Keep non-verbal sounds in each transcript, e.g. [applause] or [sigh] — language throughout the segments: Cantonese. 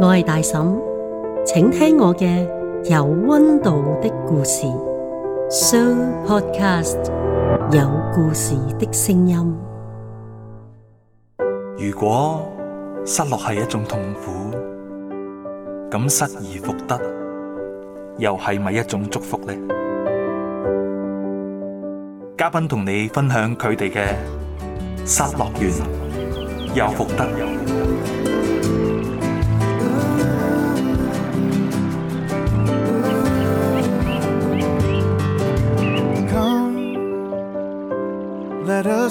我係大嬸，請聽我嘅有溫度的故事。Show Podcast，有故事的聲音。如果失落係一種痛苦，咁失而復得又係咪一種祝福呢？嘉賓同你分享佢哋嘅失落完又復得。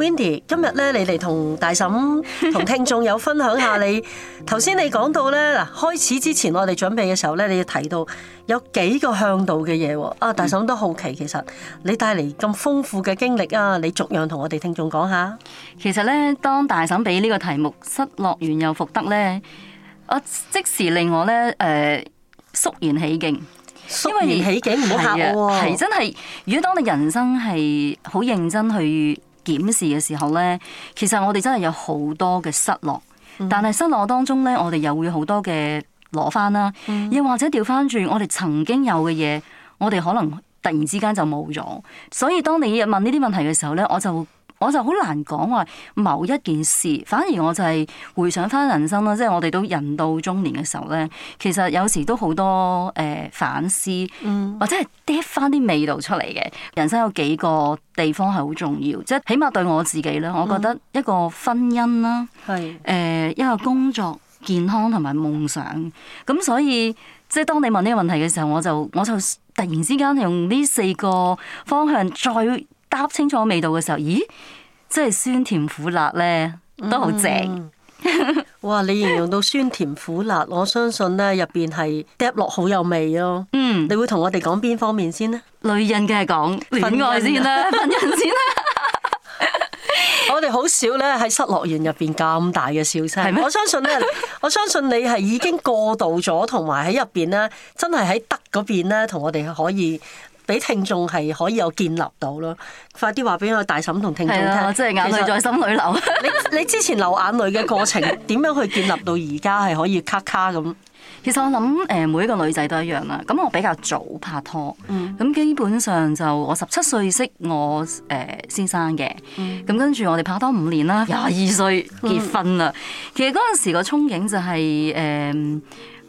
Wendy，今日咧，你嚟同大嬸同聽眾有分享下你。你頭先你講到咧，嗱開始之前我哋準備嘅時候咧，你要提到有幾個向度嘅嘢。啊，大嬸都好奇，其實你帶嚟咁豐富嘅經歷啊，你逐樣同我哋聽眾講下。其實咧，當大嬸俾呢個題目《失落完又復得》咧，啊，我即時令我咧誒肅然起敬，肅然起敬，唔好吓我喎，係嘅真係。如果當你人生係好認真去。檢視嘅時候咧，其實我哋真係有好多嘅失落，嗯、但係失落當中咧，我哋又會好多嘅攞翻啦，又或者調翻轉，我哋曾經有嘅嘢，我哋可能突然之間就冇咗，所以當你問呢啲問題嘅時候咧，我就。我就好難講話某一件事，反而我就係回想翻人生啦，即係我哋都人到中年嘅時候咧，其實有時都好多誒、呃、反思，或者係跌翻啲味道出嚟嘅。人生有幾個地方係好重要，即係起碼對我自己啦，我覺得一個婚姻啦，誒、嗯呃、一個工作、健康同埋夢想。咁所以即係當你問呢個問題嘅時候，我就我就突然之間用呢四個方向再嗒清楚味道嘅時候，咦，真係酸甜苦辣咧，都好正。嗯、 [laughs] 哇，你形容到酸甜苦辣，我相信咧入邊係嗒落好有味咯。嗯，你會同我哋講邊方面先呢？女人梗係講，戀愛先啦，戀 [laughs] 人先啦。 [laughs] [laughs] 我哋好少咧喺失樂園入邊咁大嘅笑聲，是嗎 [laughs] 我相信咧，我相信你係已經過渡咗，同埋喺入邊咧，真係喺得嗰邊咧，同我哋可以。俾聽眾係可以有建立到咯，快啲話俾我大嬸同聽眾聽，啊，我真係眼淚在心裡流你。你你之前流眼淚嘅過程點樣去建立到而家係可以卡卡咁？其實我諗誒每一個女仔都一樣啦。咁我比較早拍拖，咁、嗯、基本上就我十七歲識我誒、呃、先生嘅，咁、嗯、跟住我哋拍拖五年啦，廿二歲結婚啦。嗯、其實嗰陣時個憧憬就係、是、誒。呃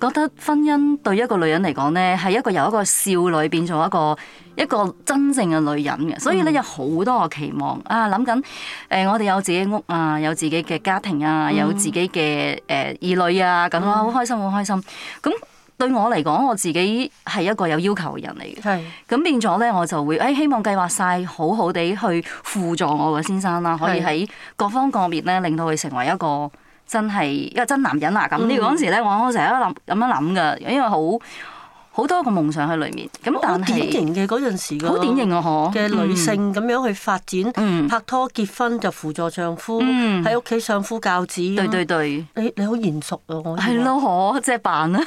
覺得婚姻對一個女人嚟講咧，係一個由一個少女變做一個一個真正嘅女人嘅，所以咧有好多個期望啊，諗緊誒，我哋有自己屋啊，有自己嘅家庭啊，有自己嘅誒兒女啊，咁啊，好開心，好開心。咁對我嚟講，我自己係一個有要求嘅人嚟嘅，係咁變咗咧，我就會誒、哎、希望計劃晒好好地去輔助我嘅先生啦，啊，可以喺各方各面咧，令到佢成為一個。真係一個真男人啊！咁呢個嗰陣時咧，我成日都諗咁樣諗嘅，因為好好多個夢想喺裏面。咁但係典型嘅嗰陣時好典型啊！嗬嘅女性咁樣去發展，嗯、拍拖結婚就輔助丈夫喺屋企相夫教子、嗯。對對對，你你好嚴肅啊！我係咯，嗬，即係扮啊。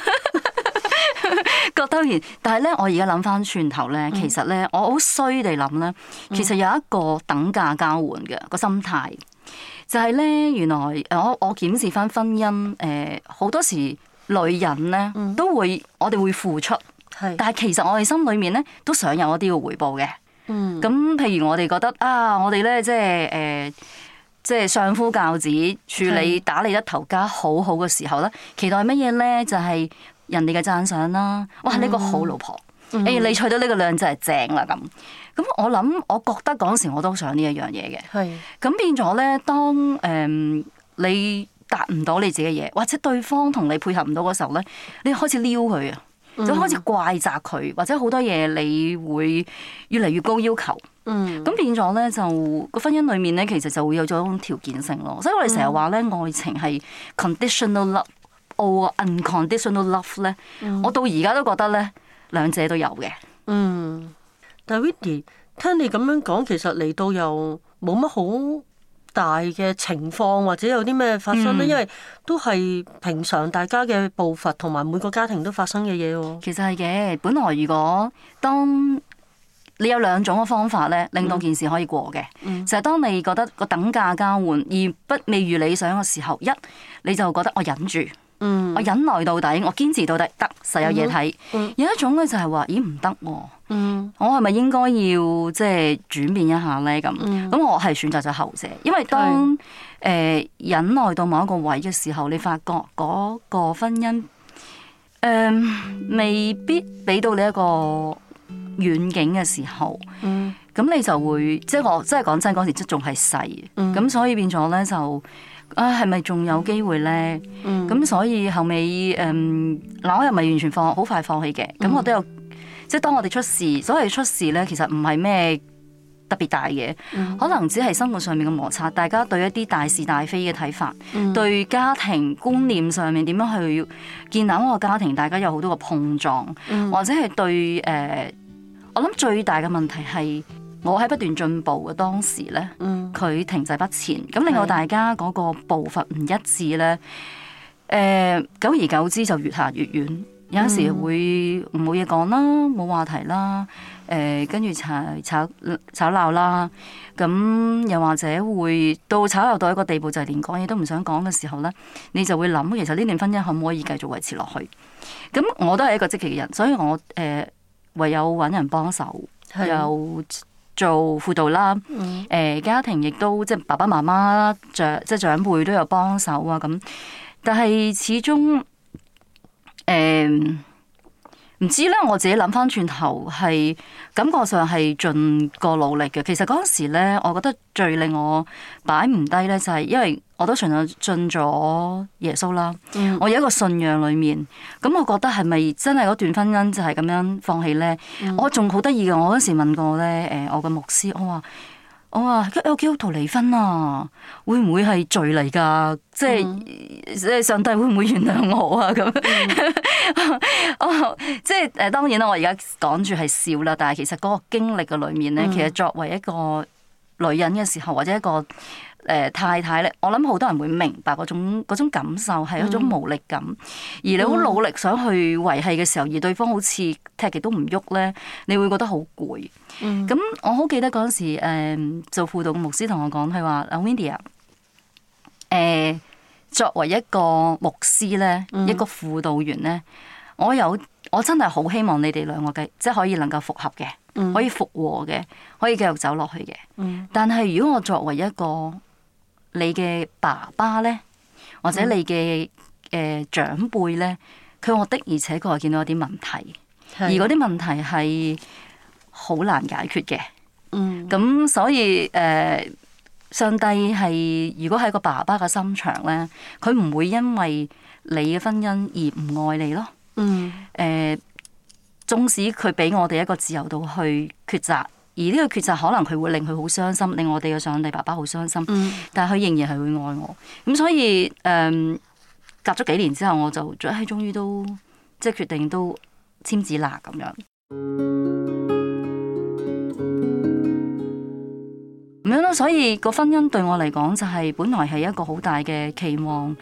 覺 [laughs] 得然。但係咧，我而家諗翻轉頭咧，嗯、其實咧，我好衰地諗咧，其實有一個等價交換嘅、個心態。就係咧，原來我我檢視翻婚姻，誒、呃、好多時女人咧都會，我哋會付出，係是，但係其實我哋心裏面咧都想有一啲嘅回報嘅。嗯，咁譬如我哋覺得啊，我哋咧即係誒，即係相夫教子，處理打理一頭家好好嘅時候啦，是期待乜嘢咧？就係、是、人哋嘅讚賞啦。哇，呢、這個好老婆。嗯。誒、嗯哎、你取到呢個量就係正啦咁，咁我諗，我覺得嗰時我都好想呢一樣嘢嘅。係咁的變咗咧，當、嗯、誒你達唔到你自己嘅嘢，或者對方同你配合唔到嘅時候咧，你開始撩佢啊，就開始怪責佢，或者好多嘢你會越嚟越高要求。嗯的，咁變咗咧，就個婚姻裡面咧，其實就會有咗種條件性咯。所以我哋成日話咧，愛情係 conditional love or unconditional love 咧、嗯，我到而家都覺得咧。兩者都有嘅，嗯。但係 Winnie，聽你咁樣講，其實嚟到又冇乜好大嘅情況，或者有啲咩發生咧？嗯、因為都係平常大家嘅步伐，同埋每個家庭都發生嘅嘢喎。其實係嘅，本來如果當你有兩種嘅方法咧，令到件事可以過嘅，嗯嗯、就係當你覺得個等價交換而不未如理想嘅時候，一你就覺得我忍住。我忍耐到底，我堅持到底，得實有嘢睇。有一種咧，就係話，咦，唔得，我係咪應該要即係轉變一下呢？嗯、咁咁我係選擇咗後者，因為當誒對、呃、忍耐到某一個位嘅時候，你發覺嗰個婚姻誒、呃、未必俾到你一個遠景嘅時候，咁、嗯、你就會即係我即係講真嗰時即仲係細嘅，咁、嗯嗯、所以變咗呢就。啊，係咪仲有機會呢？咁、嗯、所以後尾誒，嗱、嗯、我又咪完全放好快放棄嘅。咁我都有，嗯、即係當我哋出事，所謂出事呢，其實唔係咩特別大嘅，嗯、可能只係生活上面嘅摩擦。大家對一啲大是大非嘅睇法，嗯、對家庭觀念上面點樣去建立一個家庭，大家有好多個碰撞，嗯、或者係對誒、呃，我諗最大嘅問題係。我喺不斷進步嘅當時咧，佢停滯不前。咁令到大家嗰個步伐唔一致咧，誒的、呃、久而久之就越行越遠。嗯、有時會冇嘢講啦，冇話題啦，誒、呃、跟住吵吵吵鬧啦。咁又或者會到吵鬧到一個地步，就係連講嘢都唔想講嘅時候咧，你就會諗，其實呢段婚姻可唔可以繼續維持落去？咁我都係一個積極嘅人，所以我誒、呃、唯有揾人幫手，有的。做輔導啦，誒、欸、家庭亦都即係爸爸媽媽啦，長即係長輩都有幫手啊，咁，但係始終誒。欸。唔知咧，我自己諗翻轉頭，係感覺上係盡過努力嘅。其實嗰陣時咧，我覺得最令我擺唔低咧，就係、是、因為我都純粹進咗耶穌啦。嗯、我有一個信仰裏面，咁我覺得係咪真係嗰段婚姻就係咁樣放棄咧、嗯？我仲好得意嘅，我嗰時問過咧，誒我嘅牧師，我話。Oh, 我話：有幾好度離婚啊，會唔會係罪嚟㗎？即係即係上帝會唔會原諒我啊？咁、 [laughs] mm hmm. [laughs] 哦，我即係誒當然啦，我而家講住係笑啦，但係其實嗰個經歷嘅裡面咧，mm hmm. 其實作為一個女人嘅時候，或者一個，誒、呃、太太咧，我諗好多人會明白嗰種嗰種感受係一種無力感，mm. 而你好努力想去維繫嘅時候，mm. 而對方好似踢極都唔喐咧，你會覺得好攰。嗯，咁我好記得嗰陣時，誒、呃、做輔導嘅牧師同我講，佢話阿 Wendy 啊，誒、呃、作為一個牧師咧，mm. 一個輔導員咧，我有我真係好希望你哋兩個嘅即係可以能夠復合嘅，mm. 可以復和嘅，可以繼續走落去嘅。Mm. 但係如果我作為一個你嘅爸爸咧，或者你嘅誒、呃、長輩咧，佢我的而且佢又見到一啲問題，的而嗰啲問題係好難解決嘅。嗯，咁所以誒、呃，上帝係如果係個爸爸嘅心腸咧，佢唔會因為你嘅婚姻而唔愛你咯。嗯，誒、呃，縱使佢俾我哋一個自由度去抉擇。而呢個抉擇可能佢會令佢好傷心，令我哋嘅上帝爸爸好傷心，但係佢仍然係會愛我。咁所以誒、嗯，隔咗幾年之後，我就最係、哎、終於都即係決定都簽字啦，咁樣。咁樣咯，所以個婚姻對我嚟講就係本來係一個好大嘅期望，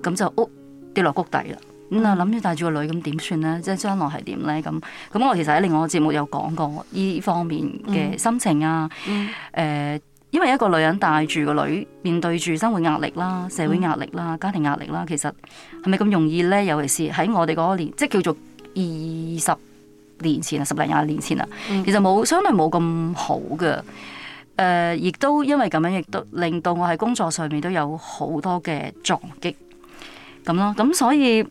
咁就屋跌落谷底啦。咁啊，諗住、嗯、帶住個女咁點算咧？即係將來係點咧？咁咁，我其實喺另外一個節目有講過呢方面嘅心情啊。誒、嗯嗯呃，因為一個女人帶住個女，面對住生活壓力啦、社會壓力啦、嗯、家庭壓力啦，其實係咪咁容易咧？尤其是喺我哋嗰個年，即係叫做二十年前啊，十零廿年前啊，嗯、其實冇相對冇咁好嘅。誒、呃，亦都因為咁樣，亦都令到我喺工作上面都有好多嘅撞擊咁咯。咁所以。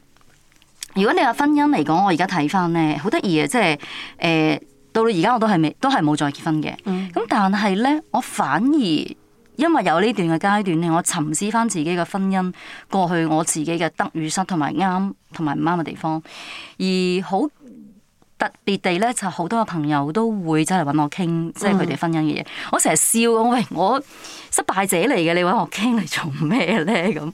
如果你話婚姻嚟講，我而家睇翻咧，好得意嘅，即係誒、呃，到到而家我都係未，都係冇再結婚嘅。咁、嗯、但係咧，我反而因為有呢段嘅階段咧，我沉思翻自己嘅婚姻過去，我自己嘅得與失，同埋啱同埋唔啱嘅地方，而好。特別地咧，就好、是、多嘅朋友都會真係揾我傾，即係佢哋婚姻嘅嘢。嗯、我成日笑我：「喂，我失敗者嚟嘅，你揾我傾嚟做咩咧？」咁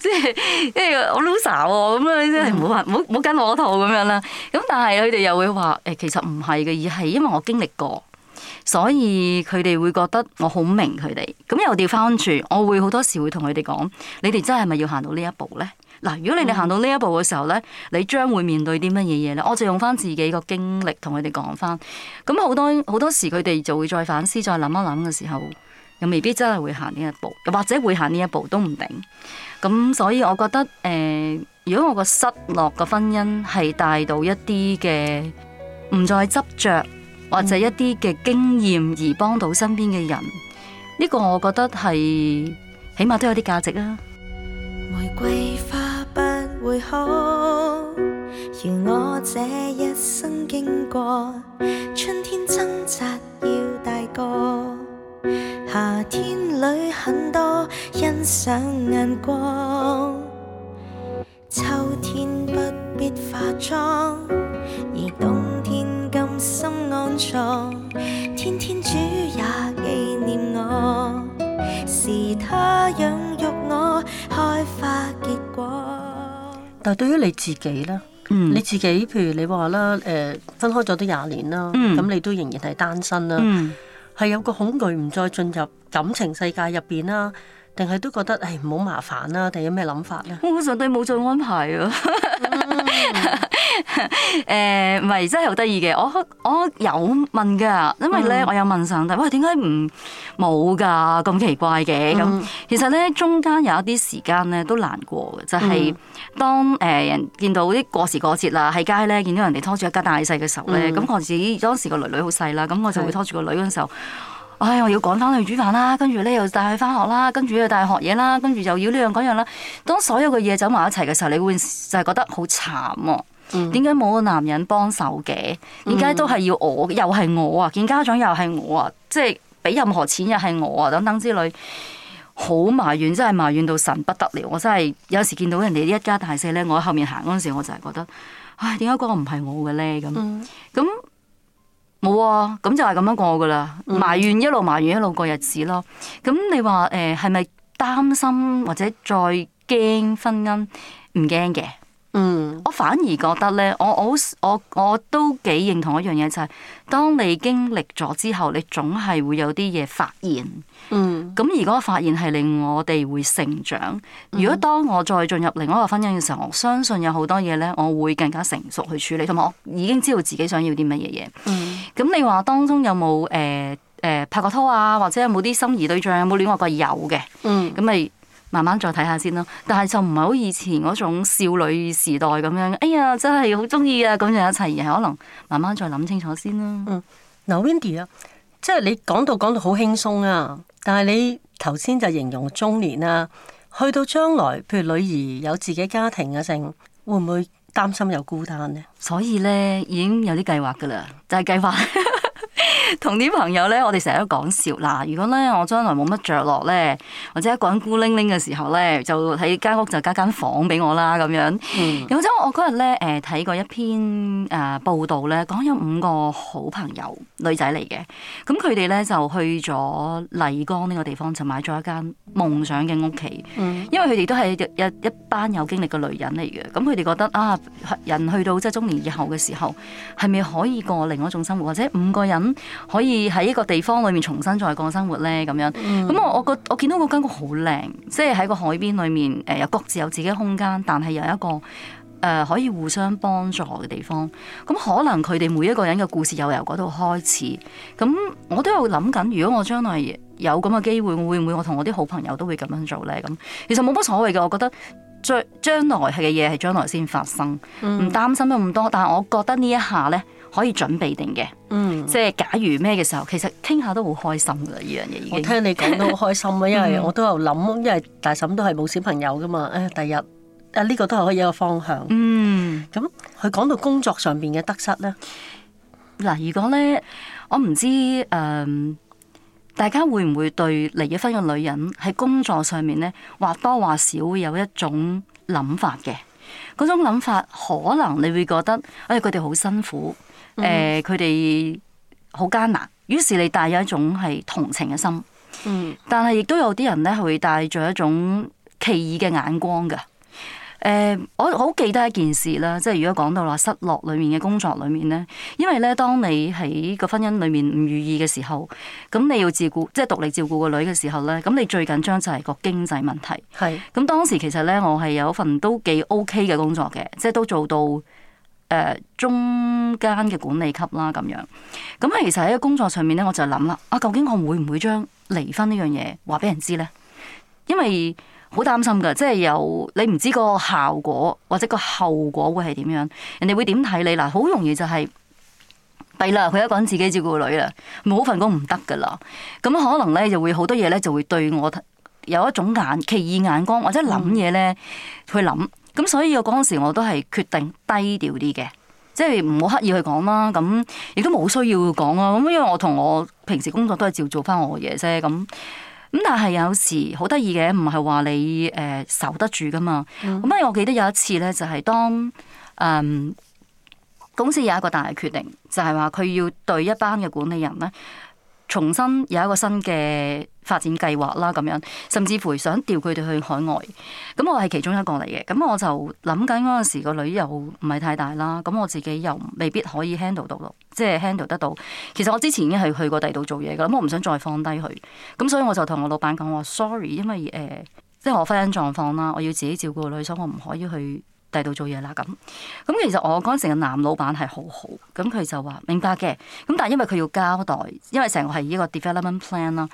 即係即係我 loser 喎、啊，咁樣真係唔好話，唔好跟我套咁樣啦。咁但係佢哋又會話，誒、欸、其實唔係嘅，而係因為我經歷過，所以佢哋會覺得我好明佢哋。咁又調返轉，我會好多時會同佢哋講，你哋真係咪要行到呢一步咧？嗱，如果你哋行到呢一步嘅時候咧，你將會面對啲乜嘢嘢咧？我就用翻自己個經歷同佢哋講翻。咁好多好多時佢哋就會再反思、再諗一諗嘅時候，又未必真係會行呢一步，又或者會行呢一步都唔定。咁所以，我覺得誒、呃，如果我個失落嘅婚姻係帶到一啲嘅唔再執着，或者一啲嘅經驗而幫到身邊嘅人，呢、嗯、個我覺得係起碼都有啲價值啦。玫瑰花。會好，如我這一生經過，春天掙扎要大個，夏天裏很多欣賞眼光，秋天不必化妝，而冬天甘心安藏，天天主也紀念我，是他養育我開花結果。但係對於你自己咧，嗯、你自己譬如你話啦，誒、呃、分開咗都廿年啦，咁、嗯、你都仍然係單身啦，係、嗯、有個恐懼唔再進入感情世界入邊啦。定係都覺得係唔好麻煩啦、啊，定有咩諗法咧？我上對冇做安排啊 [laughs] 、mm. [laughs] 呃，誒，唔係真係好得意嘅。我我有問㗎，因為咧、mm. 我有問上帝：「喂點解唔冇㗎？咁奇怪嘅咁」。Mm. 其實咧中間有一啲時間咧都難過嘅，就係、是、當誒人、mm. 呃、見到啲過時過節啦，喺街咧見到人哋拖住一家大細嘅時候咧，咁我自己當時個女女好細啦，咁我就會拖住個女嗰陣時候。唉，我要趕翻去煮飯啦，跟住咧又帶佢翻學啦，跟住又帶學嘢啦，跟住又要呢樣嗰樣啦。當所有嘅嘢走埋一齊嘅時候，你會就係覺得好慘啊！點解冇個男人幫手嘅？點解都係要我，又係我啊！見家長又係我啊！即係俾任何錢又係我啊！等等之類，好埋怨，真係埋怨到神不得了。我真係有時見到人哋一家大細咧，我喺後面行嗰陣時，我就係覺得，唉，點解嗰個唔係我嘅咧？咁咁。嗯嗯冇啊，咁就係咁樣過噶啦，嗯、埋怨一路埋怨一路過日子咯。咁你話誒係咪擔心或者再驚婚姻？唔驚嘅。嗯，mm. 我反而覺得咧，我我我我都幾認同一樣嘢，就係、是、當你經歷咗之後，你總係會有啲嘢發現。嗯，咁如果發現係令我哋會成長，如果當我再進入另一個婚姻嘅時候，我相信有好多嘢咧，我會更加成熟去處理，同埋我已經知道自己想要啲乜嘢嘢。咁、mm. 你話當中有冇誒誒拍過拖啊，或者有冇啲心儀對象，有冇戀愛過？有嘅。咁咪、mm.。慢慢再睇下先咯，但係就唔係好以前嗰種少女時代咁樣。哎呀，真係好鍾意啊！咁樣一齊，而係可能慢慢再諗清楚先啦。嗱，Wendy 啊，y, 即係你講到講到好輕鬆啊，但係你頭先就形容中年啊，去到將來，譬如女兒有自己家庭嘅、啊、性，會唔會擔心又孤單呢？所以咧，已經有啲計劃㗎喇，就係、是、計劃。 [laughs] 同啲朋友咧，我哋成日都講笑。嗱，如果咧我將來冇乜着落咧，或者一個人孤零零嘅時候咧，就喺間屋就加間房俾我啦咁樣。或、嗯、者我嗰日咧，誒、呃、睇過一篇誒、呃、報道咧，講有五個好朋友女仔嚟嘅。咁佢哋咧就去咗麗江呢個地方，就買咗一間夢想嘅屋企。嗯、因為佢哋都係一一班有經歷嘅女人嚟嘅。咁佢哋覺得啊，人去到即係中年以後嘅時候，係咪可以過另一種生活？或者五個人，可以喺一個地方裏面重新再過生活咧，咁樣。咁、mm. 我我個我見到嗰間屋好靚，即係喺個海邊裏面，誒又各自有自己嘅空間，但係有一個誒、呃、可以互相幫助嘅地方。咁可能佢哋每一個人嘅故事又由嗰度開始。咁我都喺度諗緊，如果我將來有咁嘅機會，會唔會我同我啲好朋友都會咁樣做咧？咁其實冇乜所謂嘅，我覺得將來將來嘅嘢係將來先發生，唔擔心咁多。但係我覺得一呢一下咧。可以準備定嘅，嗯，即係假如咩嘅時候，其實傾下都好開心噶啦，呢樣嘢已經。我聽你講都好開心啊，因為我都有諗，因為大嬸都係冇小朋友噶嘛，誒，第日啊呢個都係可以一個方向。嗯，咁佢講到工作上邊嘅得失咧，嗱，如果咧，我唔知誒，大家會唔會對離咗婚嘅女人喺工作上面咧，或多或少會有一種諗法嘅？嗰種諗法，可能你會覺得，哎，佢哋好辛苦，誒、呃，佢哋好艱難，於是你帶有一種係同情嘅心，嗯，但係亦都有啲人咧，係會帶住一種奇異嘅眼光噶。誒，uh, 我好記得一件事啦，即係如果講到話失落裏面嘅工作裏面咧，因為咧，當你喺個婚姻裏面唔如意嘅時候，咁你要照顧，即係獨力照顧個女嘅時候咧，咁你最緊張就係個經濟問題。係是。咁當時其實咧，我係有一份都幾 OK 嘅工作嘅，即係都做到誒、呃、中間嘅管理級啦咁樣。咁啊，其實喺個工作上面咧，我就諗啦，啊，究竟我會唔會將離婚呢樣嘢話俾人知咧？因為好擔心噶，即係有你唔知個效果或者個後果會係點樣，人哋會點睇你嗱？好容易就係弊啦，佢一個人自己照顧女啦，冇份工唔得噶啦。咁可能咧就會好多嘢咧就會對我有一種眼奇異眼光或者諗嘢咧去諗。咁、嗯、所以我嗰陣時我都係決定低調啲嘅，即係唔好刻意去講啦。咁亦都冇需要講啊。咁因為我同我平時工作都係照做翻我嘅嘢啫。咁。咁但係有時好得意嘅，唔係話你誒、呃、守得住噶嘛。咁所、嗯、我記得有一次咧，就係當嗯公司有一個大決定，就係話佢要對一班嘅管理人咧。重新有一個新嘅發展計劃啦，咁樣甚至乎想調佢哋去海外。咁我係其中一個嚟嘅，咁我就諗緊嗰陣時個女又唔係太大啦，咁我自己又未必可以 handle 到，咯、就，是、即係 handle 得到。其實我之前已經係去過第二度做嘢嘅啦，咁我唔想再放低佢。咁所以我就同我老闆講話，sorry，因為誒，即係我婚姻狀況啦，我要自己照顧個女，所以我唔可以去。第度做嘢啦，咁咁其實我嗰陣時嘅男老闆係好好，咁佢就話明白嘅，咁但係因為佢要交代，因為成個係一個 development plan 啦，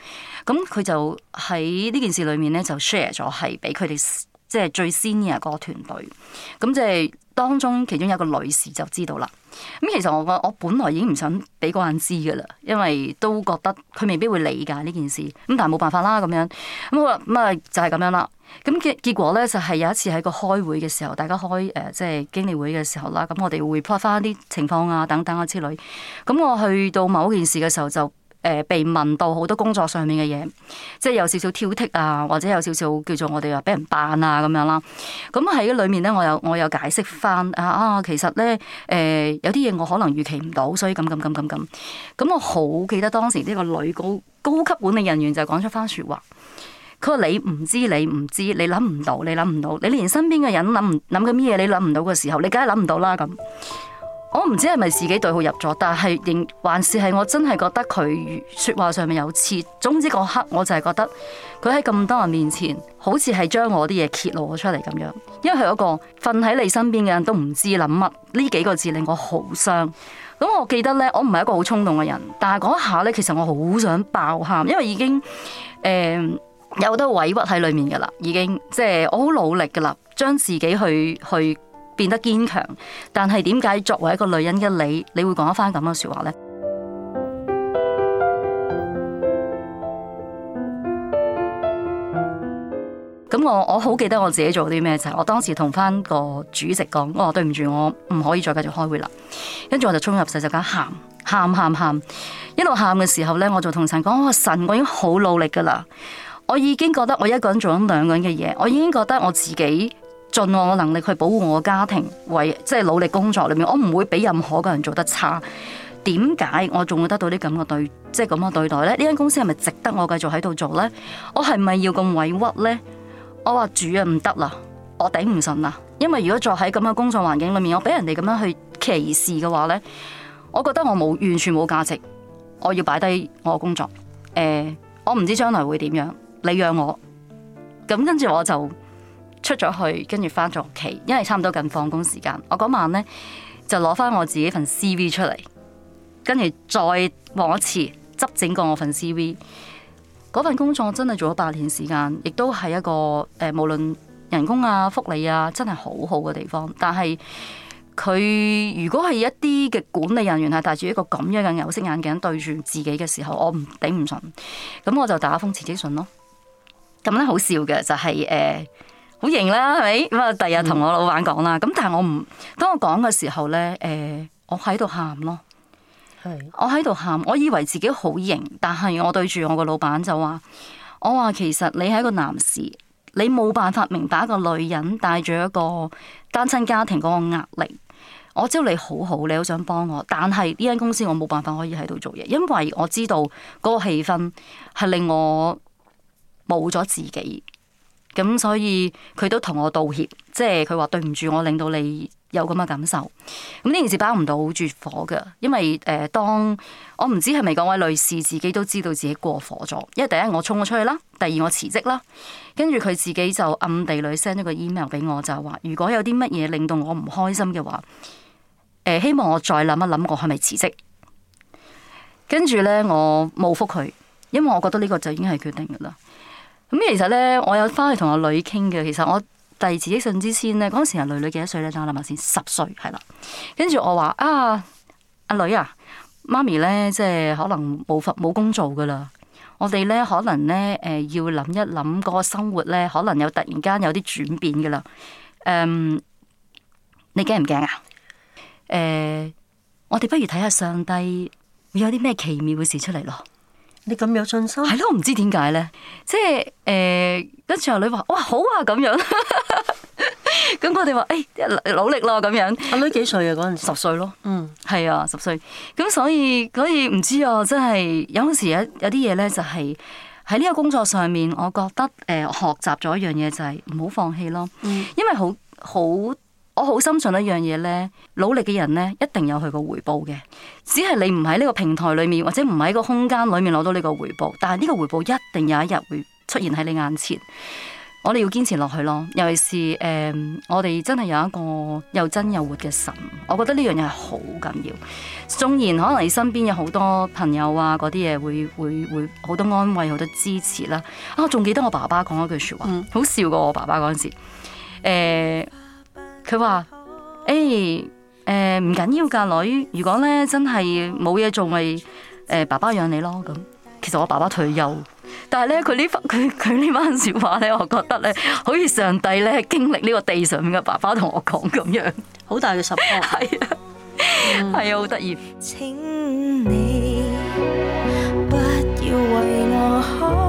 咁佢就喺呢件事裏面咧就 share 咗係俾佢哋。即係最 senior 嘅個團隊，咁即係當中其中有一個女士就知道啦。咁其實我個我本來已經唔想俾嗰人知噶啦，因為都覺得佢未必會理解呢件事。咁但係冇辦法啦，咁樣咁我咁啊，就係咁樣啦。咁結結果咧就係、是、有一次喺個開會嘅時候，大家開誒即係經理會嘅時候啦，咁我哋會 po 翻啲情況啊、等等啊之類。咁我去到某件事嘅時候就。誒、呃、被問到好多工作上面嘅嘢，即係有少少挑剔啊，或者有少少叫做我哋話俾人扮啊咁樣啦。咁喺裏面咧，我有我有解釋翻啊啊，其實咧誒、呃、有啲嘢我可能預期唔到，所以咁咁咁咁咁。咁我好記得當時呢個女高高級管理人員就講出番説話，佢話你唔知你唔知，你諗唔到你諗唔到，你連身邊嘅人都諗諗緊咩嘢，你諗唔到嘅時候，你梗係諗唔到啦咁。我唔知係咪自己對號入座，但係仍還是係我真係覺得佢説話上面有刺。總之嗰刻我就係覺得佢喺咁多人面前，好似係將我啲嘢揭露咗出嚟咁樣。因為佢嗰個瞓喺你身邊嘅人都唔知諗乜呢幾個字令我好傷。咁我記得呢，我唔係一個好衝動嘅人，但係嗰下呢，其實我好想爆喊，因為已經誒、呃、有得委屈喺裡面噶啦，已經即係、就是、我好努力噶啦，將自己去去。變得堅強，但係點解作為一個女人嘅你，你會講一翻咁嘅説話呢？咁 [music] 我我好記得我自己做啲咩就啫、係，我當時同翻個主席講，我話對唔住，我唔可以再繼續開會啦。跟住我就衝入洗手間，喊喊喊喊，一路喊嘅時候呢，我就同神講：我、哦、神，我已經好努力噶啦，我已經覺得我一個人做緊兩個人嘅嘢，我已經覺得我自己。盡我嘅能力去保護我嘅家庭，為即係努力工作裏面，我唔會俾任何個人做得差。點解我仲會得到啲咁嘅對，即係咁嘅對待咧？呢間公司係咪值得我繼續喺度做咧？我係咪要咁委屈咧？我話主啊，唔得啦，我頂唔順啦。因為如果再喺咁嘅工作環境裏面，我俾人哋咁樣去歧視嘅話咧，我覺得我冇完全冇價值。我要擺低我嘅工作。誒、呃，我唔知將來會點樣。你讓我咁，跟住我就出咗去，跟住返咗屋企，因為差唔多近放工時間。我嗰晚呢，就攞返我自己份 CV 出嚟，跟住再望一次，執整過我份 CV。嗰份工作我真係做咗八年時間，亦都係一個誒，無論人工啊、福利啊，真係好好嘅地方。但係佢如果係一啲嘅管理人員係戴住一個咁樣嘅有色眼鏡對住自己嘅時候，我唔頂唔順。咁我就打一封辭職信咯。咁咧好笑嘅就係、是、誒。呃好型啦，係咪？咁啊，第日同我老闆講啦。咁但係我唔，當我講嘅時候咧，誒、呃,我喺度喊咯。係。我喺度喊，我以為自己好型，但係我對住我個老闆就話，我話其實你係一個男士，你冇辦法明白一個女人帶住一個單親家庭嗰個壓力。我知道你好好，你好想幫我，但係呢間公司我冇辦法可以喺度做嘢，因為我知道嗰個氣氛係令我冇咗自己。咁所以佢都同我道歉，即係佢話對唔住我令到你有咁嘅感受。咁呢件事包唔到好住火噶，因為誒、呃，當我唔知係咪嗰位女士自己都知道自己過火咗。因為第一我衝咗出去啦，第二我辭職啦，跟住佢自己就暗地裏 send 咗個 email 俾我就，就話如果有啲乜嘢令到我唔開心嘅話，誒、呃，希望我再諗一諗，我係咪辭職？跟住咧，我冇覆佢，因為我覺得呢個就已經係決定噶啦。咁其實咧，我有翻去同阿女傾嘅。其實我第自己信之先咧，嗰時阿女女幾多歲咧？等我諗下先，十歲係啦。跟住我話啊，阿女啊，媽咪咧，即係可能冇份冇工做噶啦。我哋咧可能咧，誒、呃，要諗一諗嗰個生活咧，可能有突然間有啲轉變噶啦。誒、嗯，你驚唔驚啊？誒、呃，我哋不如睇下上帝會有啲咩奇妙嘅事出嚟咯。你咁有信心？係咯，唔知點解？咧，即係誒，跟住阿女話：，哇，好啊，咁樣。咁 [laughs] 我哋話：，誒、哎，努力、啊、咯，咁樣。阿女幾歲啊？嗰陣十歲咯。嗯，係啊，十歲。咁所以，所以唔知啊，真係有陣時有有啲嘢，咧，就係喺呢個工作上面，我覺得誒、呃，學習咗一樣嘢就係唔好放棄咯。因為好好。我好深信一樣嘢咧，努力嘅人咧一定有佢個回報嘅，只係你唔喺呢個平台裏面或者唔喺個空間裏面攞到呢個回報，但係呢個回報一定有一日會出現喺你眼前。我哋要堅持落去咯，尤其是誒、呃，我哋真係有一個又真又活嘅神，我覺得呢樣嘢係好緊要。縱然可能你身邊有好多朋友啊，嗰啲嘢會會會好多安慰、好多支持啦。啊，我仲記得我爸爸講一句說話，嗯、好笑過我爸爸嗰陣時，誒、呃。佢話：誒，誒唔緊要噶女，如果咧真係冇嘢做，咪、呃、誒爸爸養你咯。咁其實我爸爸退休，但係咧佢呢番佢佢呢番說話咧，我覺得咧，好似上帝咧經歷呢個地上面嘅爸爸同我講咁樣，好 [laughs] 大嘅收穫，係 [laughs] 是啊，係 [laughs] 啊，好得意。Hmm. 啊、請你不要為我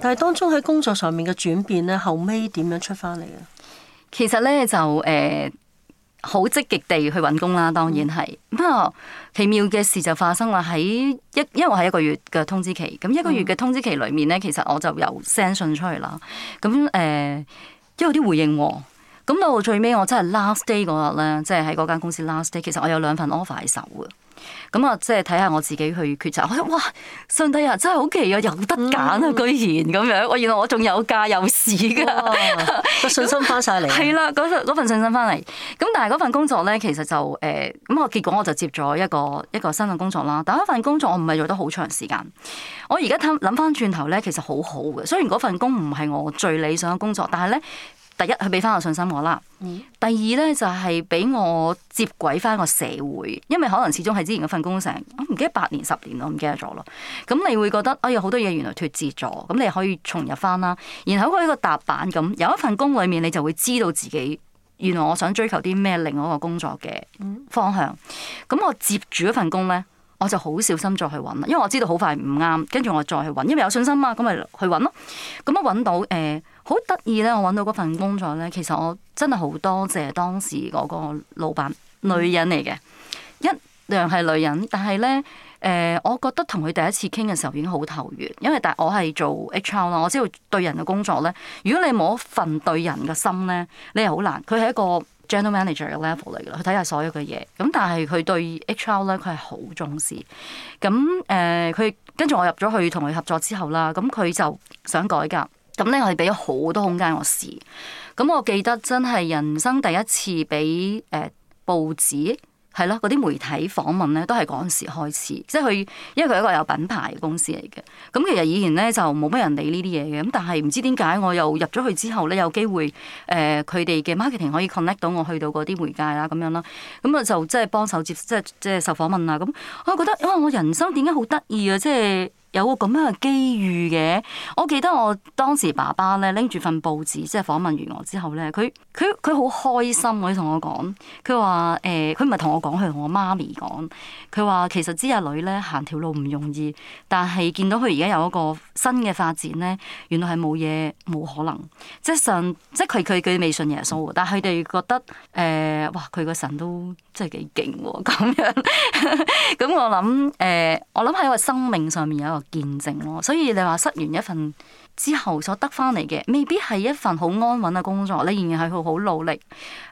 但係當中喺工作上面嘅轉變咧，後尾點樣出翻嚟嘅？其實咧就誒好、呃、積極地去揾工啦，當然係不過！嗯、奇妙嘅事就發生啦，喺一因為我係一個月嘅通知期，咁一個月嘅通知期裡面咧，其實我就有 send 信出去啦。咁誒，因為啲回應喎、喔，咁到最尾我真係 last day 嗰日咧，即係喺嗰間公司 last day。其實我有兩份 offer 喺手嘅。咁啊，即係睇下我自己去決策。我話哇，上帝啊，真係好奇啊，有得揀啊，居然咁樣。我原來我仲有價有市噶，哇 [laughs] 個信心翻晒嚟。係啦，嗰份份信心翻嚟。咁但係嗰份工作咧，其實就誒，咁、呃、我結果我就接咗一個一個新份工作啦。但係一份工作我唔係做得好長時間。我而家諗諗翻轉頭咧，其實好好嘅。雖然嗰份工唔係我最理想嘅工作，但係咧。第一，佢俾翻個信心我啦。第二咧，就係俾我接軌翻個社會，因為可能始終係之前嗰份工成，我唔記得八年十年咯，唔記得咗咯。咁你會覺得，哎呀，好多嘢原來脫節咗，咁你可以重入翻啦。然後佢一個踏板咁，有一份工裡面你就會知道自己原來我想追求啲咩另外一個工作嘅方向。咁我接住一份工咧。我就好小心再去揾，因為我知道好快唔啱，跟住我再去揾，因為有信心嘛，咁咪去揾咯。咁啊揾到誒，好得意咧！我揾到嗰份工作咧，其實我真係好多謝當時嗰個老闆，女人嚟嘅，一樣係女人。但係咧誒，我覺得同佢第一次傾嘅時候已經好投緣，因為但係我係做 HR 咯，我知道對人嘅工作咧，如果你冇一份對人嘅心咧，你係好難。佢係一個 General manager 嘅 level 嚟㗎啦，佢睇下所有嘅嘢，咁但係佢對 HR 咧，佢係好重視，咁誒佢跟住我入咗去同佢合作之後啦，咁佢就想改革。咁咧，我哋俾咗好多空間我試，咁我記得真係人生第一次俾誒報紙。係咯，嗰啲媒體訪問咧都係嗰時開始，即係佢因為佢一個有品牌公司嚟嘅，咁其實以前咧就冇乜人理呢啲嘢嘅。咁但係唔知點解我又入咗去之後咧有機會，誒、呃、佢哋嘅 marketing 可以 connect 到我去到嗰啲媒介啦咁樣啦，咁啊就即係幫手接，即係即係受訪問啊咁，我覺得啊、哦、我人生點解好得意啊即係。有個咁樣嘅機遇嘅，我記得我當時爸爸咧拎住份報紙，即係訪問完我之後咧，佢佢佢好開心，佢同、欸、我講，佢話誒，佢唔係同我講，佢同我媽咪講，佢話其實知日女咧行條路唔容易，但係見到佢而家有一個新嘅發展咧，原來係冇嘢冇可能，即係上，即係佢佢佢未信耶穌，但係佢哋覺得誒、欸，哇，佢個神都真係幾勁喎，咁樣， [laughs] 樣，咁我諗誒，我諗喺個生命上面有見證咯，所以你話失完一份之後所得翻嚟嘅，未必係一份好安穩嘅工作，你仍然係要好好努力，誒、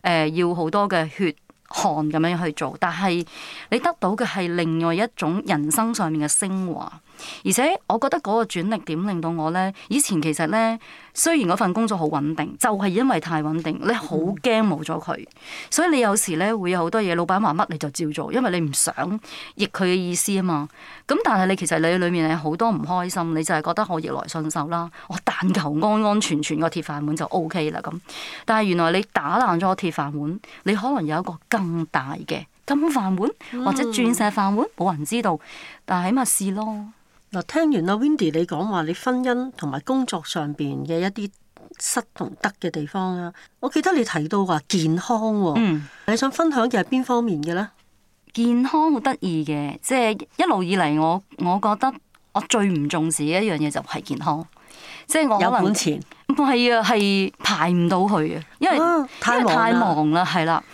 呃，要好多嘅血汗咁樣去做，但係你得到嘅係另外一種人生上面嘅升華。而且我覺得嗰個轉捩點令到我咧，以前其實咧，雖然嗰份工作好穩定，就係因為太穩定，你好驚冇咗佢。所以你有時咧會有好多嘢，老闆話乜你就照做，因為你唔想逆佢嘅意思啊嘛。咁但係你其實你裏面有好多唔開心，你就係覺得我逆來順受啦，我但求安安全全個鐵飯碗就 OK 啦咁。但係原來你打爛咗個鐵飯碗，你可能有一個更大嘅金飯碗或者鑽石飯碗，冇人知道，但係起碼試咯。嗱，聽完阿 Windy 你講話你婚姻同埋工作上邊嘅一啲失同得嘅地方啊。我記得你提到話健康喎、哦，嗯，你想分享嘅係邊方面嘅咧？健康好得意嘅，即係一路以嚟我我覺得我最唔重視嘅一樣嘢就係健康，即係我有本錢，唔係啊，係排唔到佢嘅，因為、啊、太因為太忙啦，係啦。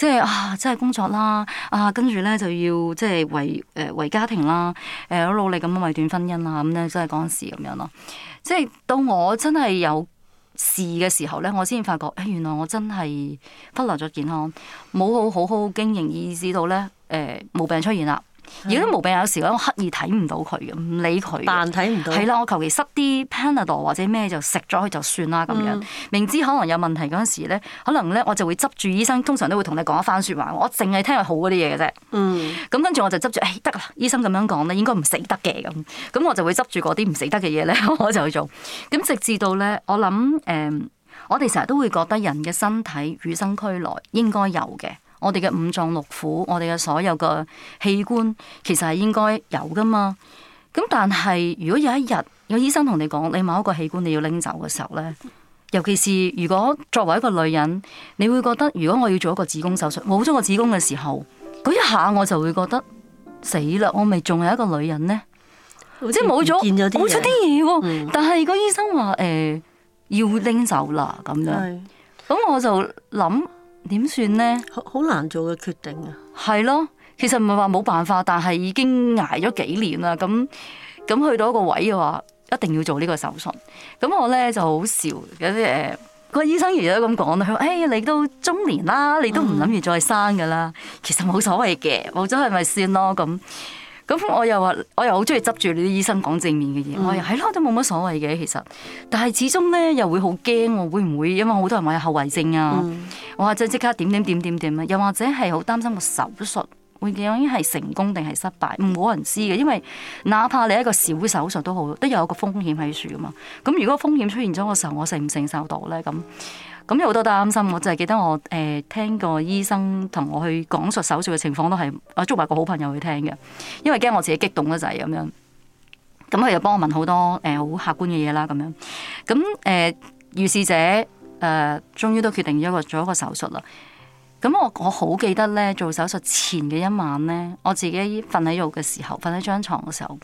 即係啊，即係工作啦，啊跟住咧就要即係為誒、呃、為家庭啦，誒、呃、好努力咁維繫段婚姻啦，咁咧即係嗰陣時咁樣咯。即係到我真係有事嘅時候咧，我先發覺誒、哎，原來我真係忽略咗健康，冇好好好經營，意識到咧誒，毛、呃、病出現啦。如果毛病有時咧，我刻意睇唔到佢嘅，唔理佢睇唔到。係啦，我求其塞啲 Panadol 或者咩就食咗佢就算啦咁樣。嗯、明知可能有問題嗰時咧，可能咧我就會執住醫生，通常都會同你講一番説話，我淨係聽佢好嗰啲嘢嘅啫。嗯，咁跟住我就執住，誒得啦，醫生咁樣講咧，應該唔死得嘅咁，咁我就會執住嗰啲唔死得嘅嘢咧，我就去做。咁直至到咧，我諗誒、嗯，我哋成日都會覺得人嘅身體與生俱來應該有嘅。我哋嘅五臟六腑，我哋嘅所有嘅器官，其實係應該有㗎嘛。咁但係，如果有一日有醫生同你講，你某一個器官你要拎走嘅時候咧，尤其是如果作為一個女人，你會覺得，如果我要做一個子宮手術，冇咗個子宮嘅時候，嗰一下我就會覺得死啦！我咪仲係一個女人咧，即係冇咗冇咗啲嘢喎。嗯、但係個醫生話誒、欸、要拎走啦咁樣，咁是我就諗。點算咧？好好難做嘅決定啊！係咯，其實唔係話冇辦法，但係已經挨咗幾年啦。咁咁去到一個位嘅話，一定要做呢個手術。咁我咧就好笑，有啲誒，個、欸、醫生亦都咁講啦。佢話：誒，你都中年啦，你都唔諗住再生噶啦。嗯、其實冇所謂嘅，冇咗佢咪算咯。咁。咁我又話，我又好中意執住你啲醫生講正面嘅嘢。嗯、我又係咯、哎，都冇乜所謂嘅其實。但係始終咧，又會好驚喎，會唔會因為好多人話有後遺症啊？哇！即即刻點點點點點啊！又或者係好擔心個手術會點樣係成功定係失敗？唔，冇人知嘅，因為哪怕你一個小手術都好，都有個風險喺處啊嘛。咁如果風險出現咗個時候，我承唔承受到咧咁。咁有好多擔心，我就係記得我誒、呃、聽過醫生同我去講述手術嘅情況都，都係我捉埋個好朋友去聽嘅，因為驚我自己激動咧就係咁樣。咁佢又幫我問好多誒好、呃、客觀嘅嘢啦，咁樣。咁誒於是者誒、呃，終於都決定咗個做一個手術啦。咁我我好記得咧，做手術前嘅一晚咧，我自己瞓喺度嘅時候，瞓喺張床嘅時候，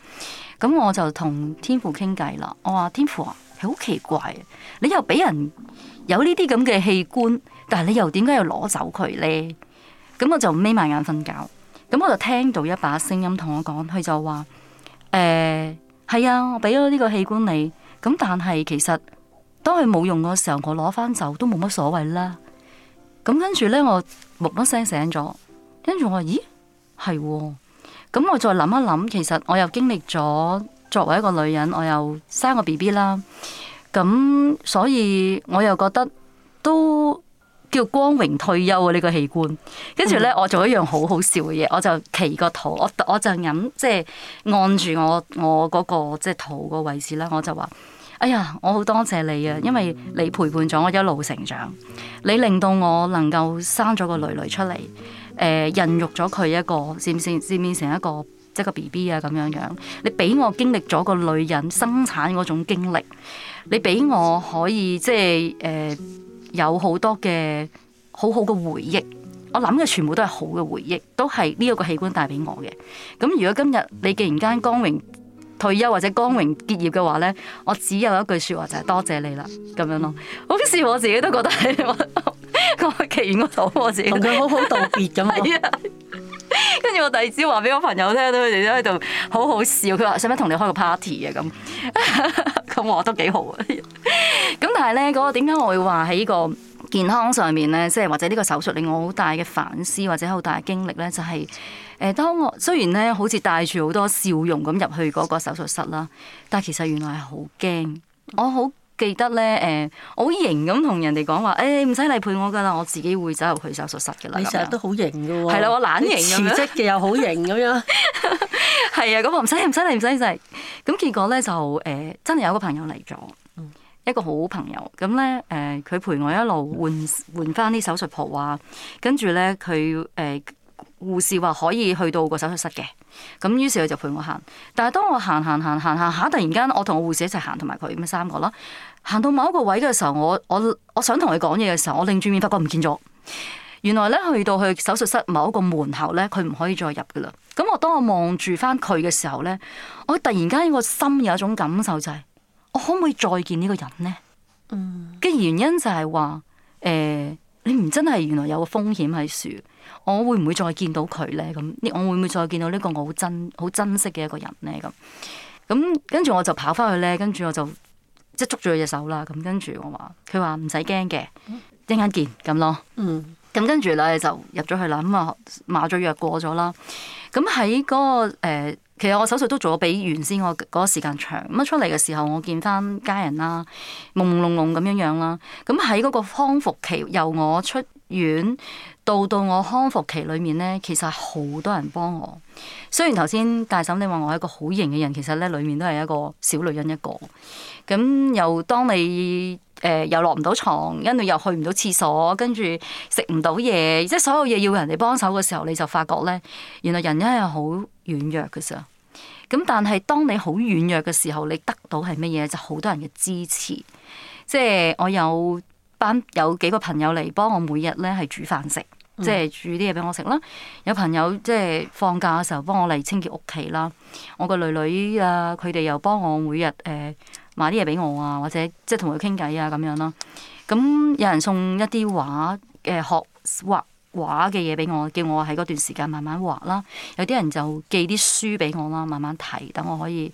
咁我就同天父傾偈啦。我話天父啊，係好奇怪、啊，你又俾人，有呢啲咁嘅器官，但係你又點解要攞走佢呢？咁我就眯埋眼瞓覺，咁我就聽到一把聲音同我講，佢就話：誒、欸、係啊，我俾咗呢個器官你，咁但係其實當佢冇用嘅時候，我攞翻走都冇乜所謂啦。咁跟住呢，我木乜聲醒咗，跟住我話：咦，係喎、啊。咁我再諗一諗，其實我又經歷咗作為一個女人，我又生個 BB 啦。咁所以我又覺得都叫光榮退休啊！呢、這個器官跟住咧，我做一樣好好笑嘅嘢，我就企個肚，我我就咁即係按住我我嗰、那個即係肚個位置啦。我就話：哎呀，我好多謝你啊，因為你陪伴咗我一路成長，你令到我能夠生咗個女女出嚟，誒、呃、孕育咗佢一個，變變變成一個即係、就是、個 B B 啊，咁樣樣。你俾我經歷咗個女人生產嗰種經歷。你俾我可以即係誒、呃、有多好多嘅好好嘅回憶，我諗嘅全部都係好嘅回憶，都係呢一個器官帶俾我嘅。咁如果今日你突然間光榮退休或者光榮結業嘅話咧，我只有一句説話就係多謝你啦，咁樣咯。好似我自己都覺得係 [laughs] 我我企喺度我同我自己同佢好好道別咁 [laughs] [laughs] 跟住 [laughs] 我第二朝話俾我朋友聽，到佢哋都喺度好好笑。佢話，使唔同你開個 party 啊？咁咁 [laughs] 挺好、 [laughs] 那個，我都幾好。咁但係咧，嗰個點解我會話喺呢個健康上面咧，即係或者呢個手術令我好大嘅反思，或者好大嘅經歷咧，就係誒，當我雖然咧好似帶住好多笑容咁入去嗰個手術室啦，但係其實原來係好驚，我好。記得咧，誒、欸，我好型咁同人哋講話，誒、欸，唔使嚟陪我噶啦，我自己會走入去手術室嘅啦。你成日都好型嘅喎，係啦，我懶型嘅，辭職嘅 [laughs] 又好型咁樣。係啊，咁我唔使，唔使嚟，唔使嚟。咁結果咧就誒、欸，真係有個朋友嚟咗，嗯、一個好朋友。咁咧誒，佢、呃、陪我一路換換翻啲手術袍啊，跟住咧佢誒護士話可以去到個手術室嘅。咁於是佢就陪我行，但係當我行行行行行下，突然間我同我護士一齊行，同埋佢咁三個啦。行到某一個位嘅時候，我我我想同佢講嘢嘅時候，我擰轉面發覺唔見咗。原來咧去到去手術室某一個門口咧，佢唔可以再入噶啦。咁我當我望住返佢嘅時候咧，我突然間個心有一種感受就係、是，我可唔可以再見呢個人呢？嘅、嗯、原因就係話，誒、呃、你唔真係原來有個風險喺度。我會唔會再見到佢咧？咁呢，我會唔會再見到呢個我好真好珍惜嘅一個人咧？咁咁跟住我就跑翻去咧，跟住我就即係捉住佢隻手啦。咁跟住我話，佢話唔使驚嘅，一陣間、嗯、見咁咯嗯。嗯，咁跟住咧就入咗去啦。咁啊麻醉藥過咗啦。咁喺嗰個其實我手術都做咗比原先我嗰個時間長，咁出嚟嘅時候我見翻家人啦，朦朦朧朧咁樣樣啦，咁喺嗰個康復期，由我出院到到我康復期裏面咧，其實好多人幫我。雖然頭先大嬸你話我係一個好型嘅人，其實咧裏面都係一個小女人一個。咁又當你。誒又落唔到床，跟住又去唔到廁所，跟住食唔到嘢，即係所有嘢要人哋幫手嘅時候，你就發覺咧，原來人一係好軟弱嘅時候。咁但係當你好軟弱嘅時候，你得到係乜嘢？就好多人嘅支持。即係我有班有幾個朋友嚟幫我每日咧係煮飯食，即係煮啲嘢俾我食啦。有朋友即係放假嘅時候幫我嚟清潔屋企啦。我個女女啊，佢哋又幫我每日誒。呃買啲嘢俾我啊，或者即係同佢傾偈啊，咁樣囉。咁有人送一啲畫嘅、呃、學畫畫嘅嘢俾我，叫我喺嗰段時間慢慢畫啦。有啲人就寄啲書俾我啦，慢慢睇，等我可以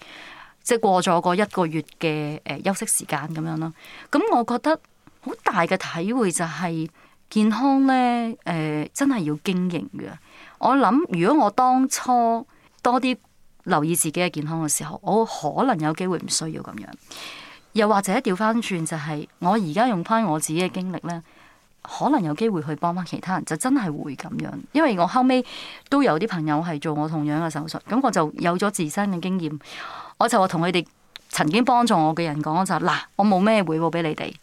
即係過咗個一個月嘅誒、呃、休息時間咁樣囉。咁我覺得好大嘅體會就係健康咧誒、呃，真係要經營嘅。我諗如果我當初多啲留意自己嘅健康嘅時候，我可能有機會唔需要咁樣，又或者調翻轉就係我而家用翻我自己嘅經歷呢，可能有機會去幫翻其他人，就真係會咁樣。因為我後尾都有啲朋友係做我同樣嘅手術，咁我就有咗自身嘅經驗，我就話同佢哋曾經幫助我嘅人講就係嗱，我冇咩回報俾你哋，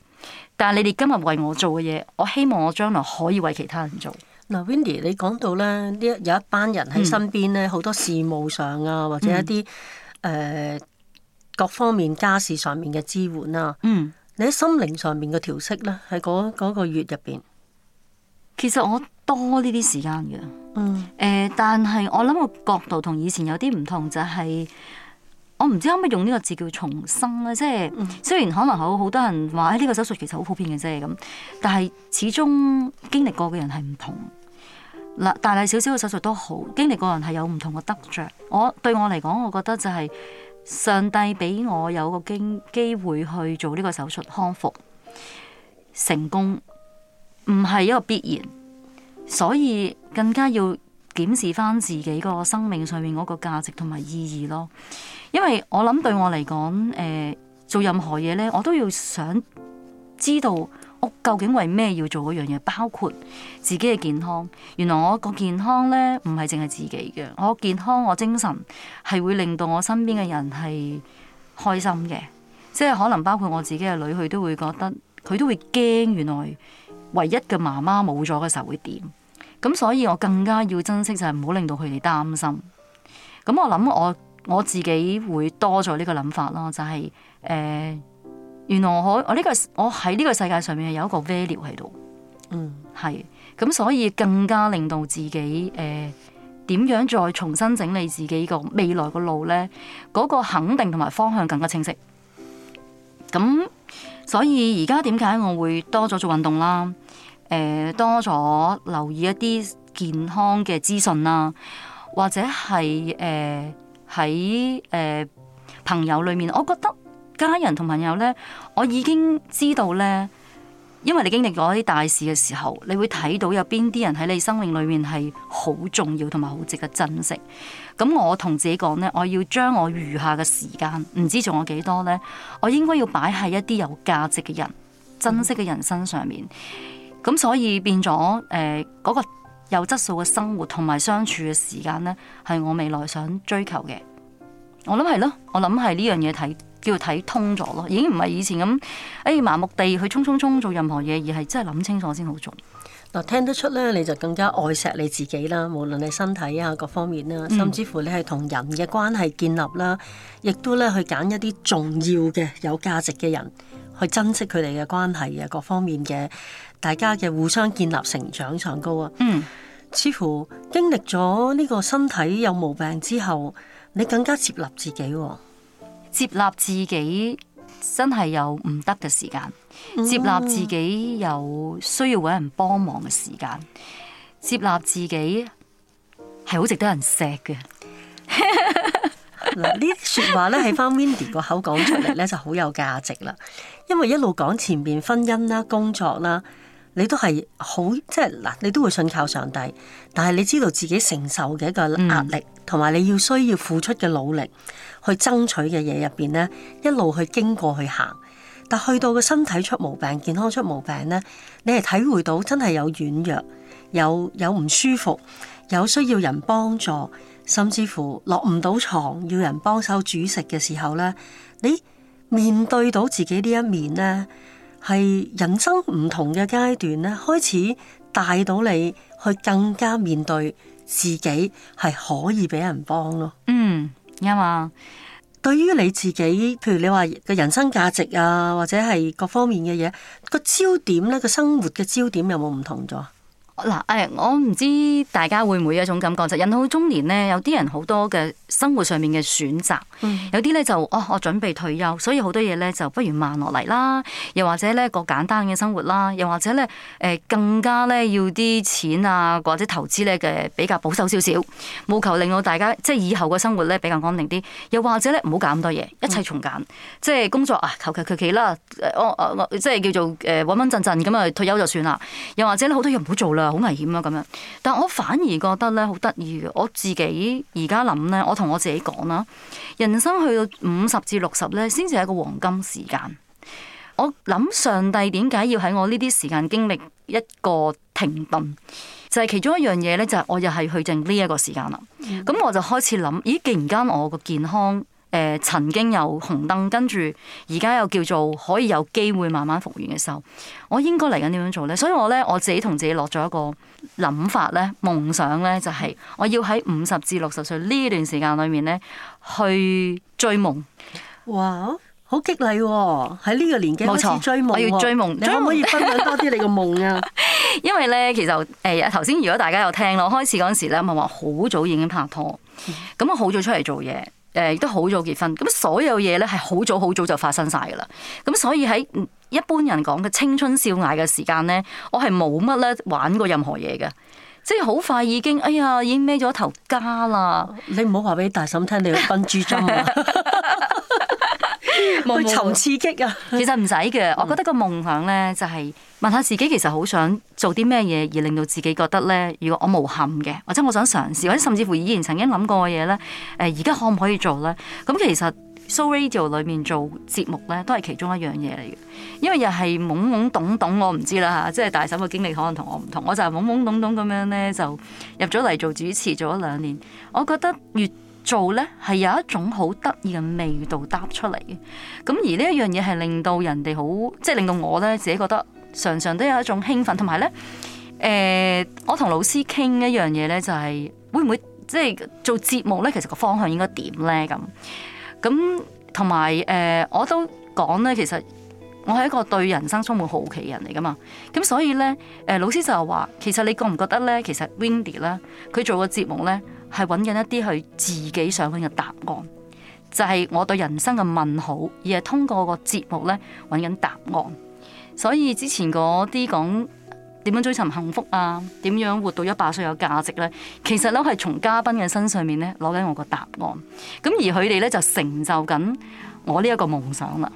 但係你哋今日為我做嘅嘢，我希望我將來可以為其他人做。嗱 Windy 你講到咧，呢有一班人喺身邊咧，好多事務上啊，嗯、或者一啲誒、呃、各方面家事上面嘅支援啊。嗯。你喺心靈上面嘅調適咧，喺嗰個月入邊。其實我多呢啲時間嘅。嗯。呃、但係我諗個角度同以前有啲唔同，就係、是、我唔知可唔可以用呢個字叫重生咧。即、就、係、是、雖然可能好，好多人話，誒呢個手術其實好普遍嘅啫咁。但係始終經歷過嘅人係唔同。嗱，大細少少嘅手術都好，經歷過人係有唔同嘅得着。我對我嚟講，我覺得就係上帝俾我有個機機會去做呢個手術康復成功，唔係一個必然，所以更加要檢視翻自己個生命上面嗰個價值同埋意義咯。因為我諗對我嚟講，誒、呃，做任何嘢咧，我都要想知道。我究竟為咩要做嗰樣嘢？包括自己嘅健康。原來我個健康咧，唔係淨係自己嘅。我個健康，我精神係會令到我身邊嘅人係開心嘅。即係可能包括我自己嘅女，佢都會覺得佢都會驚，原來唯一嘅媽媽冇咗嘅時候會點？咁所以我更加要珍惜，就係唔好令到佢哋擔心。咁我諗我我自己會多咗呢個諗法咯，就係、是、誒。呃原來我我呢個我喺呢個世界上面係有一個 value 喺度，嗯，係咁，所以更加令到自己誒點樣再重新整理自己個未來個路咧，嗰個肯定同埋方向更加清晰。咁所以而家點解我會多咗做運動啦？誒，多咗留意一啲健康嘅資訊啦，或者係誒喺誒朋友裏面，我覺得。家人同朋友咧，我已經知道咧，因為你經歷過啲大事嘅時候，你會睇到有邊啲人喺你生命裏面係好重要同埋好值得珍惜。咁我同自己講咧，我要將我餘下嘅時間，唔知仲有幾多咧，我應該要擺喺一啲有價值嘅人、珍惜嘅人身上面。咁所以變咗誒嗰個有質素嘅生活同埋相處嘅時間咧，係我未來想追求嘅。我諗係咯，我諗係呢樣嘢睇。叫睇通咗咯，已經唔係以前咁，誒、哎、麻木地去衝衝衝做任何嘢，而係真係諗清楚先好做。嗱，聽得出咧，你就更加愛錫你自己啦，無論你身體啊各方面啦，甚至乎你係同人嘅關係建立啦，亦、嗯、都咧去揀一啲重要嘅、有價值嘅人去珍惜佢哋嘅關係嘅、啊、各方面嘅，大家嘅互相建立、成長、長、上高啊。嗯、似乎經歷咗呢個身體有毛病之後，你更加接納自己喎、啊。接納自己真係有唔得嘅時間，接納自己有需要搵人幫忙嘅時間，接納自己係好值得人錫嘅。嗱，呢啲說話咧喺翻 Wendy 個口講出嚟咧就好有價值啦，因為一路講前面婚姻啦、工作啦。你都係好，即係嗱，你都會信靠上帝，但係你知道自己承受嘅一個壓力，同埋你要需要付出嘅努力，去爭取嘅嘢入邊咧，一路去經過去行，但去到個身體出毛病、健康出毛病咧，你係體會到真係有軟弱，有有唔舒服，有需要人幫助，甚至乎落唔到床要人幫手煮食嘅時候咧，你面對到自己呢一面咧。係人生唔同嘅階段咧，開始帶到你去更加面對自己，係可以俾人幫咯。嗯，啱啊。對於你自己，譬如你話嘅人生價值啊，或者係各方面嘅嘢，個焦點咧，個生活嘅焦點有冇唔同咗？嗱，誒、哎，我唔知大家會唔會有一種感覺就人、是、到中年咧，有啲人好多嘅生活上面嘅選擇，有啲咧就哦，我準備退休，所以好多嘢咧就不如慢落嚟啦，又或者咧過簡單嘅生活啦，又或者咧誒更加咧要啲錢啊，或者投資咧嘅比較保守少少，務求令到大家即係以後嘅生活咧比較安定啲，又或者咧唔好搞咁多嘢，一切從簡，即係工作啊求其求其啦，我即係叫做誒穩穩陣陣咁啊找找找找找退休就算啦，又或者咧好多嘢唔好做啦。好危險啊！咁樣，但我反而覺得咧好得意嘅。我自己而家諗咧，我同我自己講啦，人生去到五十至六十咧，先至係一個黃金時間。我諗上帝點解要喺我呢啲時間經歷一個停頓，就係、是、其中一樣嘢咧，就係、是、我又係去剩呢一個時間啦。咁、嗯、我就開始諗，咦，突然間我個健康～誒曾經有紅燈，跟住而家又叫做可以有機會慢慢復原嘅時候，我應該嚟緊點樣做咧？所以我咧我自己同自己落咗一個諗法咧，夢想咧就係、是、我要喺五十至六十歲呢段時間裏面咧去追夢。哇！好激勵喎、哦，喺呢個年紀開始追夢。冇錯。我要追夢，可唔可以分享多啲你個夢啊？ [laughs] 因為咧，其實誒頭先，欸、如果大家有聽咯，開始嗰陣時咧，咪話好早已經拍拖，咁我好早出嚟做嘢。誒亦都好早結婚，咁所有嘢咧係好早好早就發生晒噶啦。咁所以喺一般人講嘅青春少艾嘅時間咧，我係冇乜咧玩過任何嘢嘅，即係好快已經，哎呀已經孭咗頭家啦。你唔好話俾大嬸聽，你要分豬針啊！ [laughs] [laughs] 去尋刺激啊！其實唔使嘅，嗯、我覺得個夢想咧就係、是、問下自己，其實好想做啲咩嘢，而令到自己覺得咧，如果我無憾嘅，或者我想嘗試，或者甚至乎以前曾經諗過嘅嘢咧，誒而家可唔可以做咧？咁其實 So Radio 裏面做節目咧，都係其中一樣嘢嚟嘅，因為又係懵懵懂懂，我唔知啦嚇，即係大手嘅經歷可能同我唔同，我就係懵懵懂懂咁樣咧就入咗嚟做主持做咗兩年，我覺得越做咧係有一種好得意嘅味道搭出嚟嘅，咁而呢一樣嘢係令到人哋好，即係令到我咧自己覺得常常都有一種興奮，同埋咧，誒、呃，我同老師傾一樣嘢咧，就係、是、會唔會即係做節目咧？其實個方向應該點咧？咁咁同埋誒，我都講咧，其實我係一個對人生充滿好奇嘅人嚟噶嘛，咁所以咧，誒、呃，老師就係話，其實你覺唔覺得咧？其實 Windy 咧，佢做個節目咧。係揾緊一啲佢自己想揾嘅答案，就係我對人生嘅問號，而係通過個節目咧揾緊答案。所以之前嗰啲講點樣追尋幸福啊，點樣活到一百歲有價值呢？其實咧係從嘉賓嘅身上面咧攞緊我個答案。咁而佢哋呢，就成就緊我呢一個夢想啦，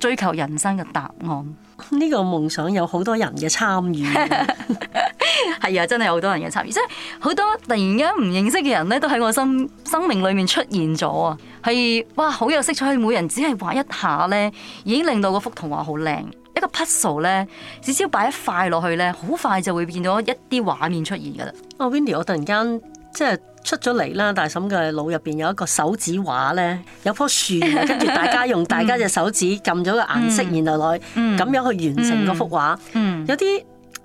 追求人生嘅答案。呢個夢想有好多人嘅參與。 [laughs] 係啊， [laughs] 真係好多人嘅參與，即係好多突然間唔認識嘅人咧，都喺我心生命裏面出現咗啊！係哇，好有色彩，每人只係畫一下咧，已經令到嗰幅圖畫好靚。一個拼圖咧，只需要擺一塊落去咧，好快就會變到一啲畫面出現噶啦。哦 Wendy 我突然間即係出咗嚟啦，大嬸嘅腦入邊有一個手指畫咧，有棵樹，跟住大家用大家隻手指撳咗 [laughs] 個顏色，然後落咁樣去完成嗰幅畫， [laughs] 有啲。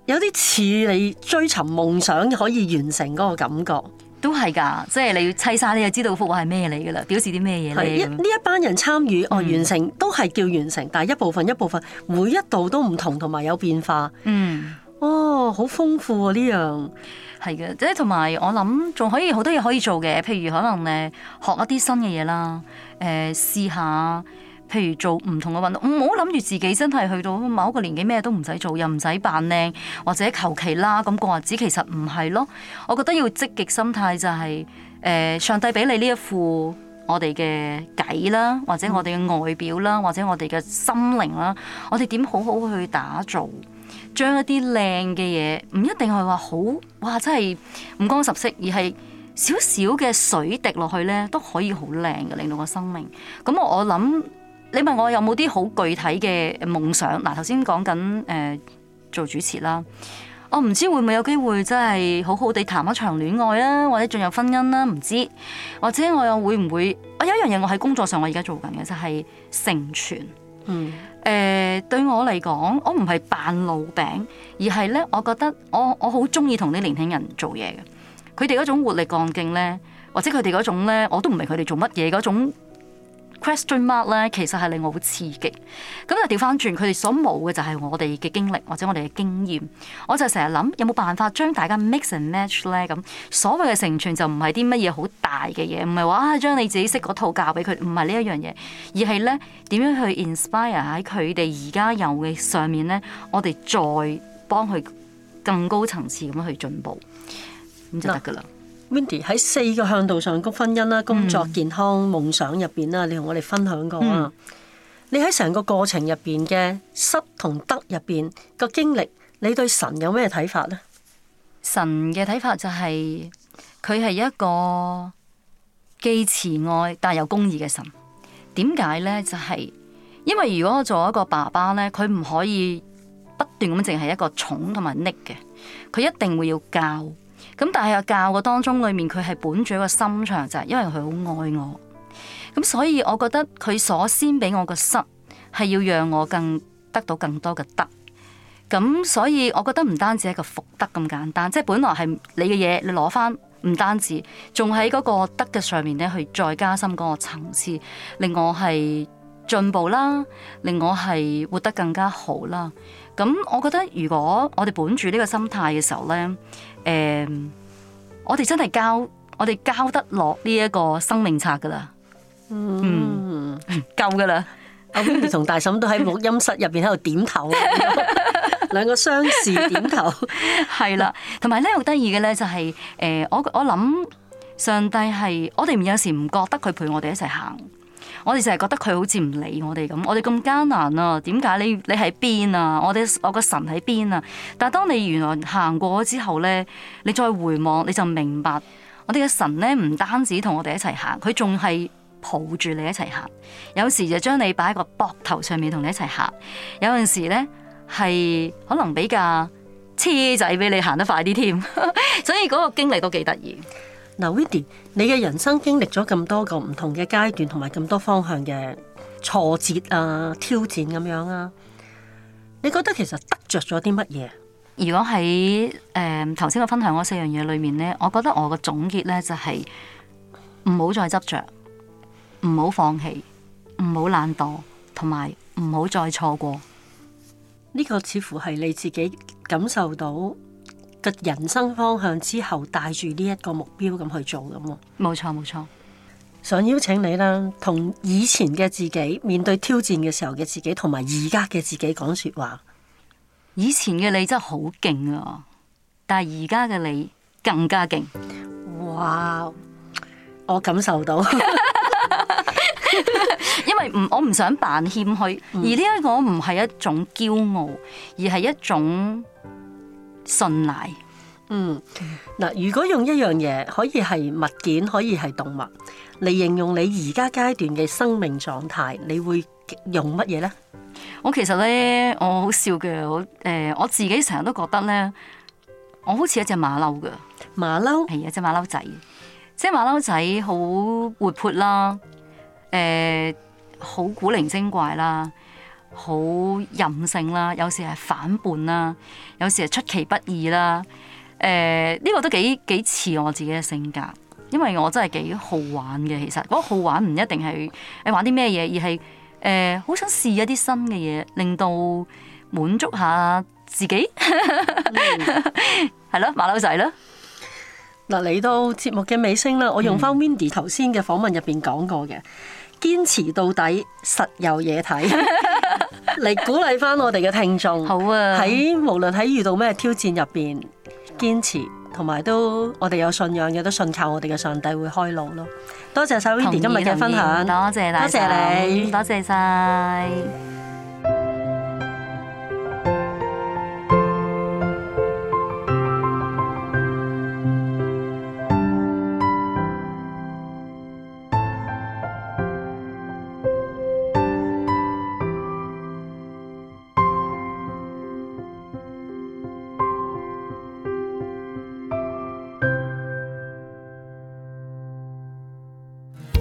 有啲似你追尋夢想可以完成嗰個感覺，都係噶，即係你要砌晒，你就知道幅畫係咩嚟噶啦，表示啲咩嘢咧？呢一,一班人參與、嗯、哦，完成都係叫完成，但係一部分一部分，一部分每一度都唔同，同埋有，有變化。嗯，哦，好豐富啊！呢樣係嘅，即係同埋我諗仲可以好多嘢可以做嘅，譬如可能誒學一啲新嘅嘢啦，誒試下。譬如做唔同嘅運動，唔好諗住自己真係去到某一個年紀咩都唔使做，又唔使扮靚或者求其啦咁過日子，其實唔係咯。我覺得要積極心態就係、是、誒、呃、上帝俾你呢一副我哋嘅計啦，或者我哋嘅外表啦，嗯、或者我哋嘅心靈啦，我哋點好好去打造，將一啲靚嘅嘢，唔一定係話好哇，真係五光十色，而係少少嘅水滴落去咧都可以好靚嘅，令到個生命。咁我我諗。你問我有冇啲好具體嘅夢想？嗱、啊，頭先講緊誒做主持啦，我唔知會唔會有機會真係好好地談一場戀愛啊，或者進入婚姻啦、啊，唔知或者我又會唔會？我有一樣嘢，我喺工作上我而家做緊嘅就係、是、成全。誒、嗯呃，對我嚟講，我唔係扮老餅，而係咧，我覺得我我好中意同啲年輕人做嘢嘅，佢哋嗰種活力幹勁咧，或者佢哋嗰種咧，我都唔明佢哋做乜嘢嗰種。Question mark 咧，其實係令我好刺激。咁就調翻轉，佢哋所冇嘅就係我哋嘅經歷或者我哋嘅經驗。我就成日諗有冇辦法將大家 mix and match 咧咁。所謂嘅成全就，就唔係啲乜嘢好大嘅嘢，唔係話啊將你自己識嗰套教俾佢，唔係呢一樣嘢，而係咧點樣去 inspire 喺佢哋而家有嘅上面咧，我哋再幫佢更高層次咁樣去進步。就得㗎啦。No. Wendy 喺四個向度上，個婚姻啦、工作、健康、夢想入邊啦，你同我哋分享過啊。嗯、你喺成個過程入邊嘅失同得入邊個經歷，你對神有咩睇法咧？神嘅睇法就係佢係一個既慈愛但又公義嘅神。點解咧？就係、是、因為如果我做一個爸爸咧，佢唔可以不斷咁淨係一個寵同埋溺嘅，佢一定會要教。咁但係個教嘅當中裏面，佢係本住一個心腸就係，因為佢好愛我咁，所以我覺得佢所先俾我個失係要讓我更得到更多嘅得。咁所以我覺得唔單止係個福德咁簡單，即係本來係你嘅嘢，你攞翻唔單止，仲喺嗰個德嘅上面咧，去再加深嗰個層次，令我係進步啦，令我係活得更加好啦。咁我覺得，如果我哋本住呢個心態嘅時候咧。誒，um, 我哋真係交，我哋交得落呢一個生命冊噶啦，嗯、mm. [laughs] 的了，夠噶啦。阿同大嬸都喺錄音室入邊喺度點頭，兩個相視點頭 [laughs] [laughs] 係啦。同埋咧好得意嘅咧就係，誒，我我諗上帝係，我哋唔有時唔覺得佢陪我哋一齊行。我哋就係覺得佢好似唔理我哋咁，我哋咁艱難啊，點解你你喺邊啊？我哋我嘅神喺邊啊？但係當你原來行過之後咧，你再回望，你就明白我哋嘅神咧，唔單止同我哋一齊行，佢仲係抱住你一齊行。有時就將你擺喺個膊頭上面同你一齊行。有陣時咧係可能比較車仔俾你行得快啲添， [laughs] 所以嗰個經歷都幾得意。嗱 Windy，你嘅人生經歷咗咁多個唔同嘅階段，同埋咁多方向嘅挫折啊、挑戰咁樣啊，你覺得其實得着咗啲乜嘢？如果喺誒頭先我分享嗰四樣嘢裏面咧，我覺得我嘅總結咧就係唔好再執着，唔好放棄，唔好懶惰，同埋唔好再錯過。呢個似乎係你自己感受到嘅人生方向之後，帶住呢一個目標咁去做咁喎。冇錯冇錯，想邀請你啦，同以前嘅自己面對挑戰嘅時候嘅自己，同埋而家嘅自己講説話。以前嘅你真係好勁啊，但係而家嘅你更加勁。哇！我感受到，因為唔我唔想扮謙虛，嗯、而呢一個唔係一種驕傲，而係一種。信賴，賴，嗯，嗱，如果用一樣嘢可以係物件，可以係動物嚟形容你而家階段嘅生命狀態，你會用乜嘢咧？我其實咧，我好笑嘅，我誒、呃，我自己成日都覺得咧，我好似一隻馬騮噶，馬騮？係啊，隻馬騮仔，即係馬騮仔好活潑啦，誒、呃，好古靈精怪啦。好任性啦，有時係反叛啦，有時係出其不意啦。誒、呃，呢、這個都幾幾似我自己嘅性格，因為我真係幾好玩嘅。其實，我好玩唔一定係誒、欸、玩啲咩嘢，而係誒好想試一啲新嘅嘢，令到滿足下自己。係 [laughs] 咯、mm，馬、hmm. 騮 [laughs] 仔咯。嗱，嚟到節目嘅尾聲啦，我用翻 Wendy 頭先嘅訪問入邊講過嘅，mm hmm. 堅持到底，實有嘢睇。 [laughs] 嚟 [laughs] 鼓勵翻我哋嘅聽眾，好啊！喺無論喺遇到咩挑戰入邊，堅持同埋都我哋有信仰嘅，都信靠我哋嘅上帝會開路咯。多謝晒 Wendy 今日嘅分享，多謝大家，多謝你，多謝晒。